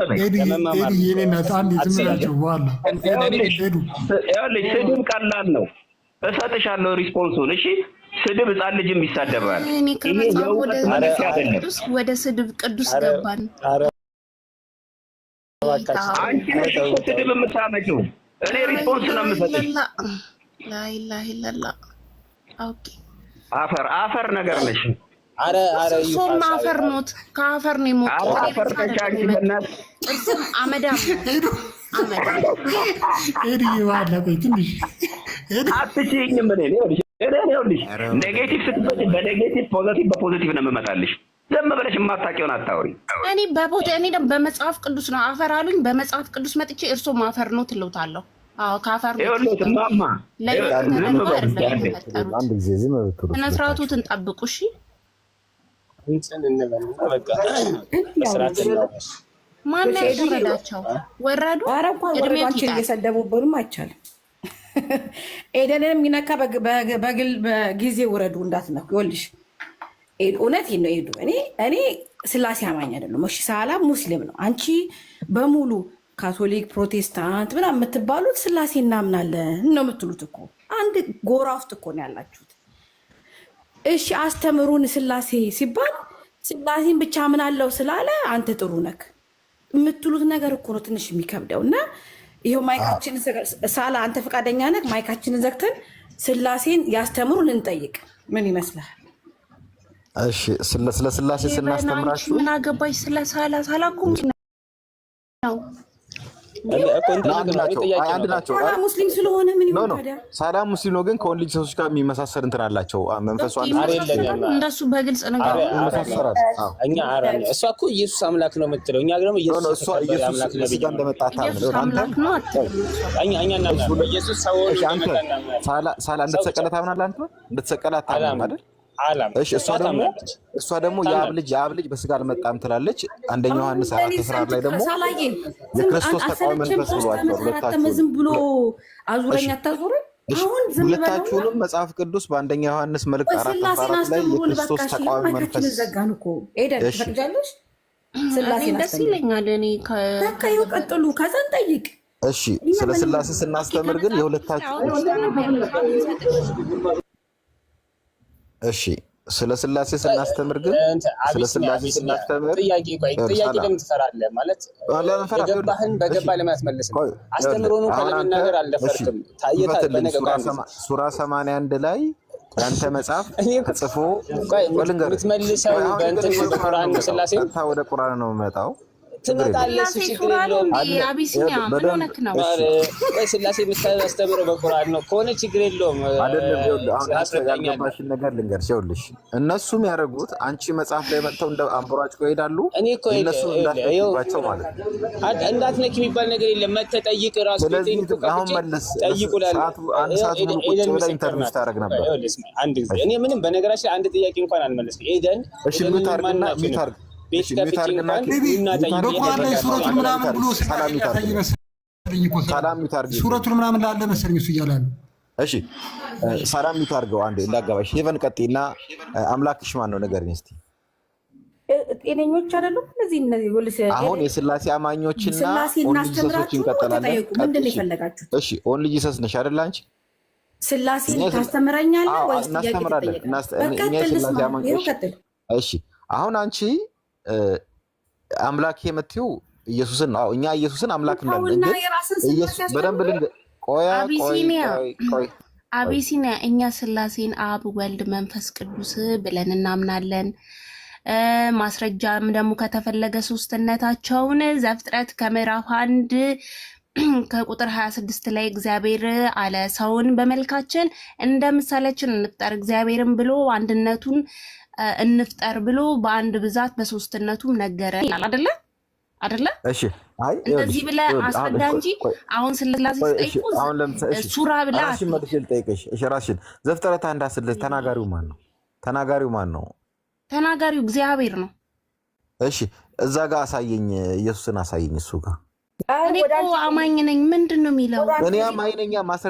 ስድብ ቀላል ነው። እሰጥሻለሁ ሪስፖንሱን። እሺ ስድብ ህፃን ልጅም ይሳደባል። ወደ ስድብ ቅዱስ ገባን። አንቺ ነሽ እኮ ስድብ የምታመጪው። እኔ ሪስፖንስ ነው የምሰጥሽ። አፈር አፈር ነገር ነሽ። እሱም አፈር ኖት ከአፈር ነው የሞቀው። እሱም አመዳም ኔጌቲቭ ስትበጭ በኔጌቲቭ ፖዘቲቭ በፖዘቲቭ ነው የምመጣልሽ። ዝም ብለሽ የማታውቂውን አታውሪ። እኔ በቦታ እኔ ደግሞ በመጽሐፍ ቅዱስ ነው አፈር አሉኝ። በመጽሐፍ ቅዱስ መጥቼ እርሶም አፈር ነው ትለውታለሁ። ከአፈር ስነ ስርዓቱን ጠብቁ እሺ። እንትን እንበልና በቃ በስርዓት ማነው ወረዱ እየሰደቡብንም አይቻልም። ኤደንን የሚነካ በግል በጊዜ ውረዱ እንዳትነኩ። ይኸውልሽ እውነት ነው እኔ እኔ ስላሴ አማኝ አይደለም። እሺ ሳላ ሙስሊም ነው። አንቺ በሙሉ ካቶሊክ፣ ፕሮቴስታንት ምናምን የምትባሉት ስላሴ እናምናለን ነው የምትሉት እኮ አንድ ጎራ ውስጥ እኮ ነው ያላችሁት። እሺ አስተምሩን ስላሴ ሲባል ስላሴን ብቻ ምን አለው ስላለ አንተ ጥሩ ነክ የምትሉት ነገር እኮ ነው ትንሽ የሚከብደው። እና ይኸው ማይካችን ሳላ አንተ ፈቃደኛ ነክ ማይካችንን ዘግተን ስላሴን ያስተምሩን እንጠይቅ። ምን ይመስላል? እሺ ስለ ስላሴ ስናስተምራችሁ ምን አገባሽ ስለ ሳላ ሳላ ነው ሙስሊም ስለሆነ ምን ይሆን ታዲያ? ሳላም ሙስሊም ነው፣ ግን ከወንድ ልጅ ሰዎች ጋር የሚመሳሰል እንትን አላቸው። መንፈሱ እንደሱ በግልጽ ነገር እሷ እኮ ኢየሱስ አምላክ ነው የምትለው፣ እኛ ደግሞ ኢየሱስ እንደመጣ ታምናለህ። ሳላ እንደተሰቀለ ታምናለህ። አንተ እንደተሰቀለ ታምናለህ አይደል? እሷ ደግሞ እሷ ደግሞ የአብ ልጅ የአብ ልጅ በስጋ አልመጣም ትላለች። አንደኛ ዮሐንስ አራት ስራ ላይ ደግሞ የክርስቶስ ተቃዋሚ መንፈስ ብሏቸው ሁለታችሁ ሁለታችሁንም መጽሐፍ ቅዱስ በአንደኛ ዮሐንስ መልክ አራት አራት ላይ የክርስቶስ ተቃዋሚ መንፈስ ደስ ይለኛል። እኔ ቀጥሉ፣ ከዛን ጠይቅ እሺ። ስለ ስላሴ ስናስተምር ግን የሁለታችሁ እሺ ስለ ስላሴ ስናስተምር ግን ስለ ስላሴ ስናስተምር ጥያቄ ቆይ ጥያቄ ለምን ትፈራለህ? ማለት የገባህን በገባ አልደፈርክም። ሱራ ሰማንያ አንድ ላይ ያንተ መጽሐፍ ተጽፎ ልንገር በእንትን ስላሴ ወደ ቁርአን ነው የምመጣው ስላሴ የምታስተምረው በቁርአን ነው ከሆነ ችግር የለውም። ያልገባሽን ነገር ልንገርሽ። ይኸውልሽ እነሱም ያደረጉት አንቺ መጽሐፍ ላይ መጥተው እንደ ይሄዳሉ። ማለት ነው። እንዳትነኪ የሚባል ነገር የለም። መተህ ጠይቅ አሁን አንድ ኢንተርቪው ነበር። እኔ ምንም በነገራችን አንድ ጥያቄ እንኳን አልመለስኩም። ኤደን ሱረቱን ምናምን ላለ መሰለኝ እሱ እያለ እሺ ሰላም ይታርገው። አንዴ እንዳጋባሽ ሄቨን ቀጤና አምላክሽ ማን ነው? ንገሪኝ እስኪ። ጤነኞች አይደሉም እነዚህ አሁን የስላሴ አማኞችና ኦንልጂሰሶች እንቀጠላለን። ምንድን ነው የፈለጋችሁ? ነሽ አይደለ አንቺ? ስላሴ ታስተምረኛለህ ወይስ? እናስተምራለን። እሺ አሁን አንቺ አምላክ የምትይው ኢየሱስን ነው። እኛ ኢየሱስን አምላክ እንላለን። በደንብ ልን አቢሲኒያ እኛ ስላሴን አብ፣ ወልድ፣ መንፈስ ቅዱስ ብለን እናምናለን። ማስረጃም ደግሞ ከተፈለገ ሶስትነታቸውን ዘፍጥረት ከምዕራፍ አንድ ከቁጥር 26 ላይ እግዚአብሔር አለ ሰውን በመልካችን እንደ ምሳሌያችን እንፍጠር እግዚአብሔርም ብሎ አንድነቱን እንፍጠር ብሎ በአንድ ብዛት በሶስትነቱም ነገረ ይላል አደለ አይደለ? እሺ። እንደዚህ ብለ አስረዳ እንጂ አሁን ስላሴ ስጠይቁ ሱራ ብለህ ራሽን መልሼ ልጠይቅሽ። እሺ፣ ራሽን ዘፍጥረት አንድ አስር ተናጋሪው ማን ነው? ተናጋሪው ማን ነው? ተናጋሪው እግዚአብሔር ነው። እሺ፣ እዛ ጋር አሳየኝ፣ ኢየሱስን አሳየኝ። እሱ ጋር እኔ እኮ አማኝ ነኝ ምንድን ነው የሚለው? እኔ አማኝ ነኝ ማስረ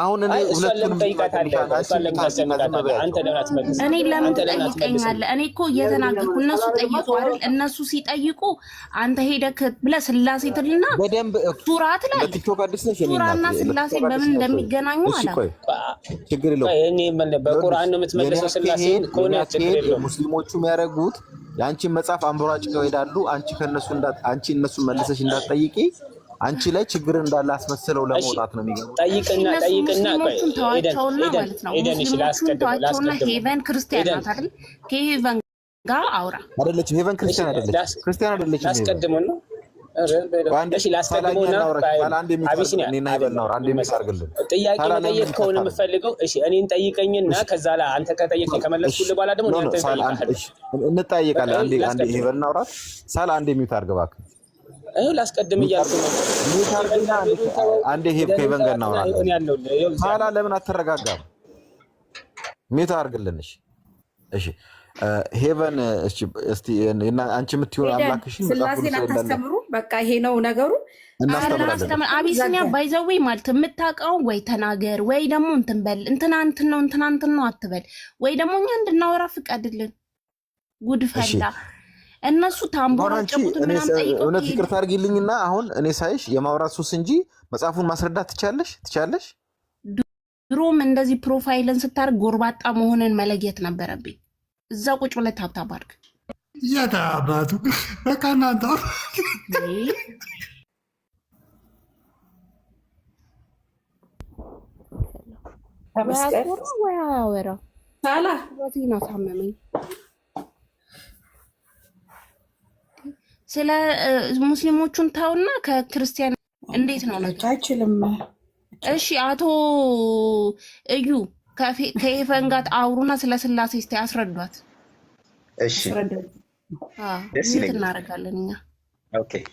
አሁን እኔ ሁለቱን እኔ ለምን ትጠይቀኛለህ? እኔ እኮ እየተናገርኩ እነሱ ጠይቁ አይደል? እነሱ ሲጠይቁ አንተ ሄደህ ብለህ ስላሴ ትልና በደንብ ሱራ ትላለህ። ሱራና ስላሴ በምን እንደሚገናኙ ችግር የለውም። በቁርአን ነው የምትመልሰው። ስላሴ ከሆነ ችግር የለውም። ሙስሊሞቹ የሚያደርጉት የአንቺን መጽሐፍ አንበሯጭቀው ይሄዳሉ። አንቺ ከነሱ አንቺ እነሱን መልሰሽ እንዳትጠይቂ አንቺ ላይ ችግር እንዳለ አስመስለው ለመውጣት ነው የሚገቡት። ጠይቅና ጠይቅና ተዋቸውና ማለት ነው ሙስሊሞቹን ተዋቸውና ሄቨን ክርስቲያን ናት አይደል? ከሄቨን ጋር አውራ አይደለችም። ሄቨን ክርስቲያን አይደለችም። ክርስቲያን አይደለችም። ነው ሳል አንድ የሚዩት አድርግ እባክህ እህል አስቀድም እያልኩ ነው። አንዴ ሄብከ ይበንገ ኋላ ለምን አትረጋጋም? ሜታ አርግልንሽ። እሺ ሄቨን እስቲ አንቺ የምትሆን አምላክሽ ስላሴን አታስተምሩ። በቃ ይሄ ነው ነገሩ። አቢሲኒያ ባይዘዌ ማለት የምታውቀውን ወይ ተናገር፣ ወይ ደግሞ እንትን በል እንትና እንትን ነው እንትና እንትን ነው አትበል፣ ወይ ደግሞ እኛ እንድናወራ ፍቀድልን። ጉድ ፈላ እነሱ ታምቦራጨቁት እውነት ይቅርታ አድርጊልኝና አሁን እኔ ሳይሽ የማውራት ሱስ እንጂ መጽሐፉን ማስረዳት ትቻለሽ ትቻለሽ። ድሮም እንደዚህ ፕሮፋይልን ስታርግ ጎርባጣ መሆንን መለየት ነበረብኝ። እዛ ቁጭ ብለህ ታብታብ አድርግ። አባቱ በቃ እናንተ ወያወራ ሳላ ነው ታመመኝ ስለ ሙስሊሞቹን ታውና ከክርስቲያን እንዴት ነው ናቸው? አይችልም። እሺ አቶ እዩ ከኤፈን ጋር አውሩና ስለ ስላሴ እስኪ አስረዷት። እሺ እናደርጋለን እኛ ኦኬ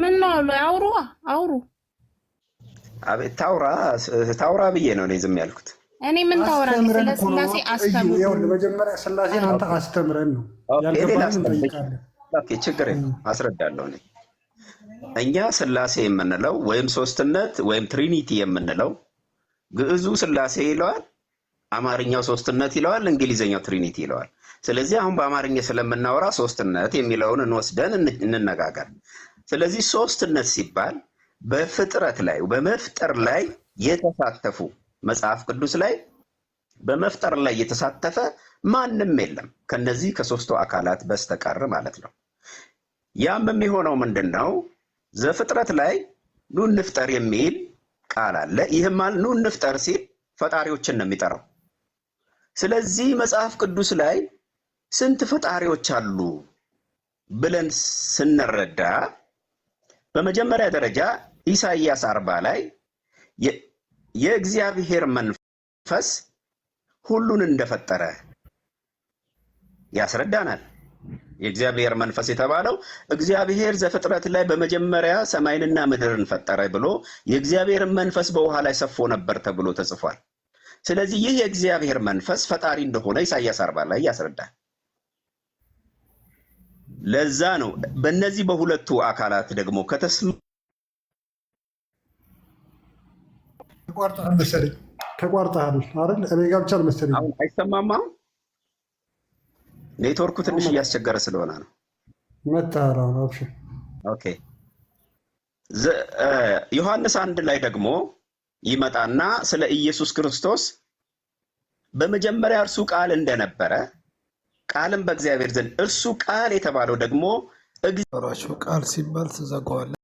ምን ነው አውሩ አውሩ አቤት ታውራ ታውራ ብዬ ነው እኔ ዝም ያልኩት። እኔ ምን ታውራ ስላሴ መጀመሪያ ስላሴን አንተ አስተምረን ነው ችግር አስረዳለሁ። እኔ እኛ ስላሴ የምንለው ወይም ሶስትነት ወይም ትሪኒቲ የምንለው ግዕዙ ስላሴ ይለዋል፣ አማርኛው ሶስትነት ይለዋል፣ እንግሊዝኛው ትሪኒቲ ይለዋል። ስለዚህ አሁን በአማርኛ ስለምናወራ ሶስትነት የሚለውን እንወስደን እንነጋገር። ስለዚህ ሶስትነት ሲባል በፍጥረት ላይ በመፍጠር ላይ የተሳተፉ መጽሐፍ ቅዱስ ላይ በመፍጠር ላይ የተሳተፈ ማንም የለም ከነዚህ ከሶስቱ አካላት በስተቀር ማለት ነው። ያም የሚሆነው ምንድን ነው? ዘፍጥረት ላይ ኑ እንፍጠር የሚል ቃል አለ። ይህም ኑ እንፍጠር ሲል ፈጣሪዎችን ነው የሚጠራው። ስለዚህ መጽሐፍ ቅዱስ ላይ ስንት ፈጣሪዎች አሉ ብለን ስንረዳ በመጀመሪያ ደረጃ ኢሳይያስ አርባ ላይ የእግዚአብሔር መንፈስ ሁሉን እንደፈጠረ ያስረዳናል። የእግዚአብሔር መንፈስ የተባለው እግዚአብሔር ዘፍጥረት ላይ በመጀመሪያ ሰማይንና ምድርን ፈጠረ ብሎ የእግዚአብሔርን መንፈስ በውሃ ላይ ሰፎ ነበር ተብሎ ተጽፏል። ስለዚህ ይህ የእግዚአብሔር መንፈስ ፈጣሪ እንደሆነ ኢሳያስ አርባ ላይ ያስረዳል። ለዛ ነው በእነዚህ በሁለቱ አካላት ደግሞ ከተስማ ተቋርጠሃል መሰለኝ። ተቋርጠሃል አይደል? እኔ ጋር ብቻ አልመሰለኝም። አይሰማማ። ኔትወርኩ ትንሽ እያስቸገረ ስለሆነ ነው። መታል ኦኬ ዮሐንስ አንድ ላይ ደግሞ ይመጣና ስለ ኢየሱስ ክርስቶስ በመጀመሪያ እርሱ ቃል እንደነበረ ቃልም በእግዚአብሔር ዘንድ እርሱ ቃል የተባለው ደግሞ ቃል ሲባል ትዘጋዋለህ።